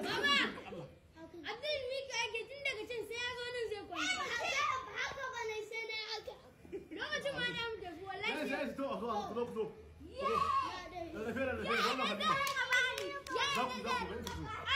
Mama! Yes, yes, do. Go, go, go. Yeah. Level, level. Jangan kembali. Jangan